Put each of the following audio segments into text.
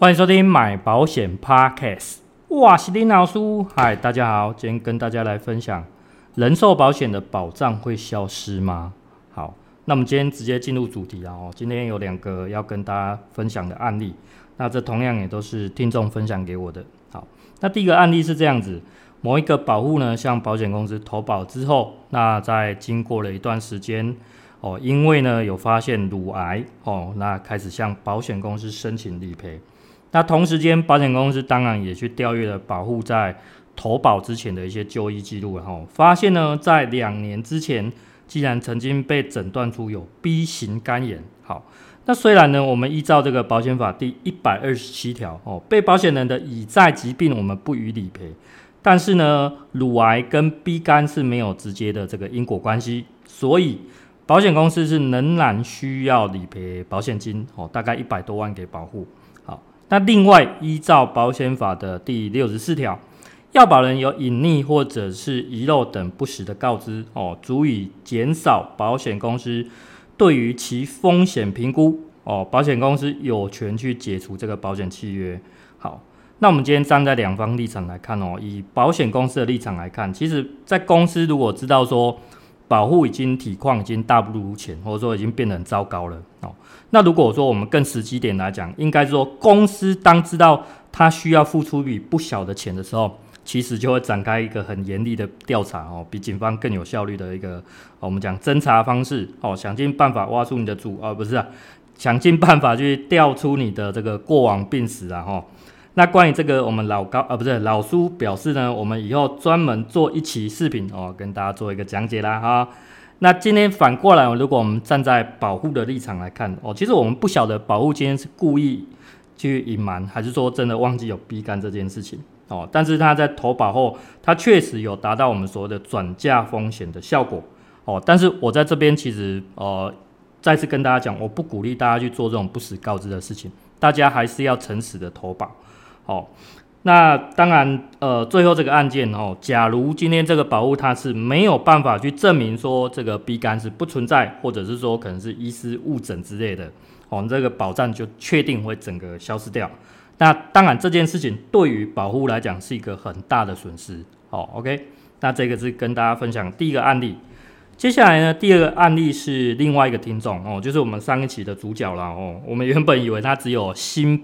歡迎收聽買保險 Podcast，哇，是林老師，嗨，大家好，今天跟大家來分享人壽保險的保障會消失嗎？好，那我們今天直接進入主題啊！哦，今天有兩個要跟大家分享的案例，那這同樣也都是聽眾分享給我的。好，那第一個案例是這樣子，某一個保戶呢，向保險公司投保之後，那在經過了一段時間。哦，因為呢有發現乳癌，哦，那開始向保險公司申請理賠。那同時間，保險公司當然也去調閱了保戶在投保之前的一些就醫記錄，然後，哦，發現呢，在兩年之前，竟然曾經被診斷出有 B 型肝炎。好，那雖然呢，我們依照這個保險法第一百二十七條，哦，被保險人的已在疾病我們不予理賠，但是呢，乳癌跟 B 肝是沒有直接的這個因果關係，所以。保險公司是仍然需要理賠保險金哦，大概一百多萬給保戶。好，那另外依照保險法的第六十四條，要保人有隱匿或者是遺漏等不實的告知哦，足以減少保險公司對於其風險評估哦，保險公司有權去解除這個保險契約。好，那我們今天站在兩方立場來看哦，以保險公司的立場來看，其實在公司如果知道說保護已經體況已經大不如前，或者說已經變得很糟糕了哦。那如果說我們更實際點來講，應該說公司當知道他需要付出比不小的錢的時候，其實就會展開一個很嚴厲的調查哦，比警方更有效率的一個我們講偵查方式哦，想盡辦法挖出你的主啊，不是，啊，想盡辦法去調出你的這個過往病史啊哈。哦那關於這個，我們老高啊，不是老蘇表示呢，我們以後專門做一期視頻哦，跟大家做一個講解啦哈啊。那今天反過來，如果我們站在保戶的立場來看哦，其實我們不曉得保戶今天是故意去隱瞞，還是說真的忘記有 B 肝這件事情哦。但是他在投保後，他確實有達到我們所謂的轉嫁風險的效果哦。但是我在這邊其實呃，再次跟大家講，我不鼓勵大家去做這種不實告知的事情，大家還是要誠實的投保。哦，那當然，呃，最後這個案件哦，假如今天這個保護它是沒有辦法去證明說這個 B 桿是不存在，或者是說可能是醫師誤診之類的，哦，這個保障就確定會整個消失掉。那當然這件事情對於保護來講是一個很大的損失。哦，OK，那這個是跟大家分享第一個案例。接下來呢，第二個案例是另外一個聽眾哦，就是我們上一期的主角了哦。我們原本以為他只有新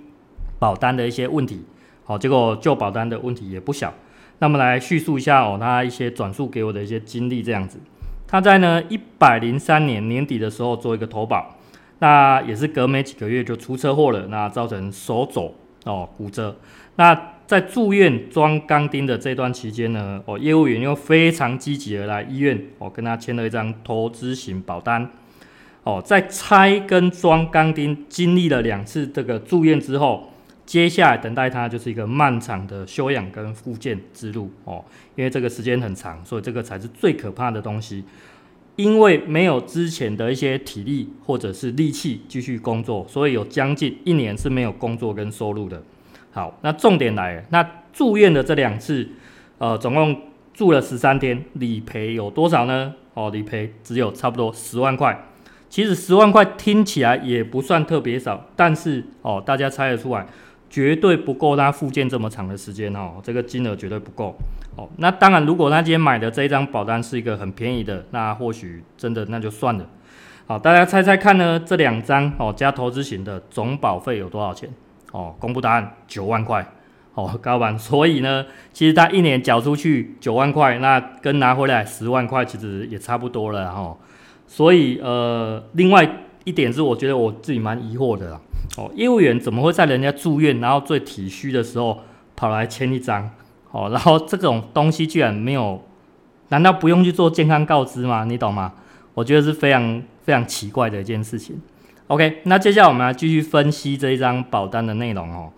保單的一些問題。好，結果舊保單的問題也不小。那麼來敘述一下哦，他一些轉述給我的一些經歷這樣子。他在呢一百零三年年底的時候做一個投保，那也是隔沒幾個月就出車禍了，那造成手肘哦骨折。那在住院裝鋼釘的這段期間呢，哦業務員又非常積極的來醫院，哦，跟他簽了一張投資型保單。哦，在拆跟裝鋼釘經歷了兩次這個住院之後。嗯接下來等待他就是一個漫長的休養跟復健之路哦，因為這個時間很長，所以這個才是最可怕的東西。因為沒有之前的一些體力或者是力氣繼續工作，所以有將近一年是沒有工作跟收入的。好，那重點來了，那住院的這兩次，呃，總共住了十三天，理賠有多少呢？哦，理賠只有差不多十萬塊。其實十萬塊聽起來也不算特別少，但是哦，大家猜得出來。絕對不夠他復健這麼長的時間哦，這個金額絕對不夠哦。那當然，如果他今天買的這一張保單是一個很便宜的，那或許真的那就算了。好，大家猜猜看呢？這兩張哦加投資型的總保費有多少錢？哦，公布答案，九萬塊哦，高管。所以呢，其實他一年繳出去九萬塊，那跟拿回來十萬塊其實也差不多了哈。所以呃，另外一點是，我覺得我自己蠻疑惑的。哦，業務員怎麼會在人家住院，然後最體虛的時候跑來簽一張？哦，然後這種東西居然沒有，難道不用去做健康告知嗎？你懂嗎？我覺得是非常非常奇怪的一件事情。OK，那接下來我們來繼續分析這一張保單的內容哦。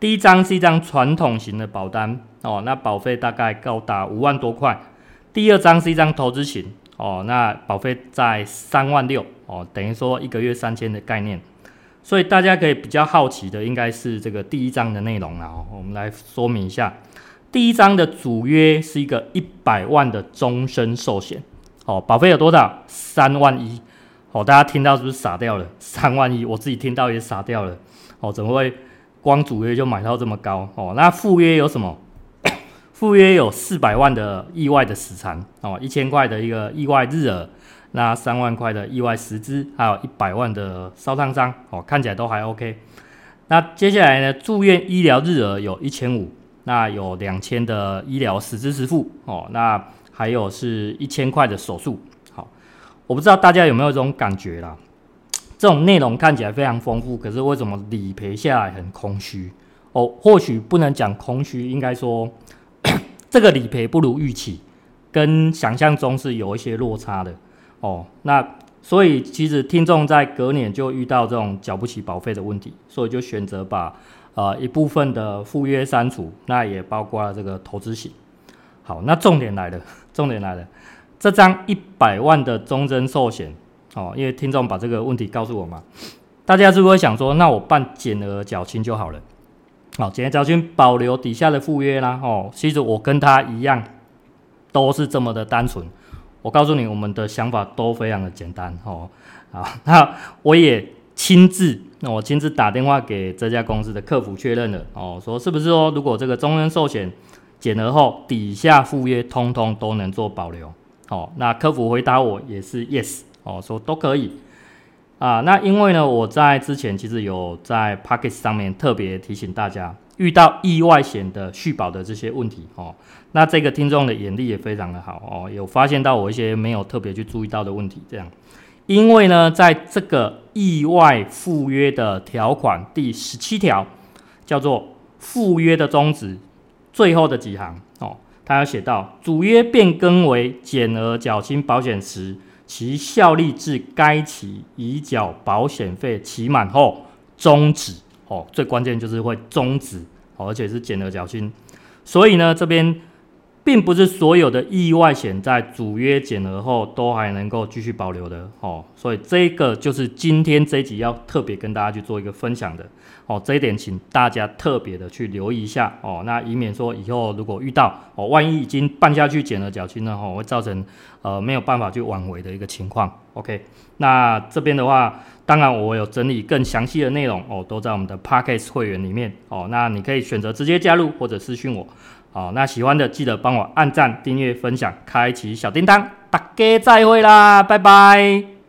第一張是一張傳統型的保單哦，那保費大概高達五萬多塊。第二張是一張投資型哦，那保費在三萬六哦，等於說一個月三千的概念。所以大家可以比較好奇的，應該是這個第一章的內容了。我們來說明一下，第一章的主約是一個一百萬的終身壽險，哦，保費有多少？三萬一，哦，大家聽到是不是傻掉了？三萬一，我自己聽到也傻掉了。哦，怎麼會光主約就買到這麼高？哦，那附約有什麼？附約有四百萬的意外的死殘哦，一千塊的一個意外日額，那三萬塊的意外實支，還有一百萬的燒燙傷哦，看起來都還 OK。那接下來呢，住院醫療日額有一千五，那有兩千的醫療實支實付哦，那還有是一千塊的手術。好，我不知道大家有沒有這種感覺啦，這種內容看起來非常豐富，可是為什麼理賠下來很空虛哦？或許不能講空虛，應該說。這個理賠不如預期，跟想象中是有一些落差的哦。那所以其實聽眾在隔年就遇到這種繳不起保費的問題，所以就選擇把呃一部分的附約刪除，那也包括了這個投資型。好，那重點來了，重點來了，這張一百萬的終身壽險，哦，因為聽眾把這個問題告訴我嘛，大家是不是會想說，那我辦減額繳清就好了？好，減額繳清保留底下的附約啦。哦、喔，其實我跟他一樣，都是這麼的單純。我告訴你，我們的想法都非常的簡單。哦、喔，好，那我也親自，那我親自打電話給這家公司的客服確認了。哦、喔，說是不是說，如果這個終身壽險減額後，底下附約通通都能做保留？哦、喔，那客服回答我也是 yes、喔。哦，說都可以。啊，那因為呢，我在之前其實有在 Podcast 上面特別提醒大家，遇到意外險的續保的這些問題哦。那這個聽眾的眼力也非常的好哦，有發現到我一些沒有特別去注意到的問題，這樣。因為呢，在這個意外赴約的條款第十七條，叫做赴約的終止，最後的幾行哦，它有寫到主約變更為減額繳清保險時。其效力至該期已繳保險費期滿後終止。哦，最關鍵就是會終止，哦，而且是減額繳清。所以呢，這邊。並不是所有的意外險在主約減額後都還能夠繼續保留的哦，所以這個就是今天這一集要特別跟大家去做一個分享的哦，這一點請大家特別的去留意一下哦，那以免說以後如果遇到哦，萬一已經辦下去減額繳清呢，吼、哦、會造成呃沒有辦法去挽回的一個情況。OK，那這邊的話，當然我有整理更詳細的內容哦，都在我們的 Podcast 會員裡面哦，那你可以選擇直接加入或者私訊我。好、哦，那喜歡的記得幫我按贊、訂閱、分享，開啟小叮噹。大家再會啦，拜拜！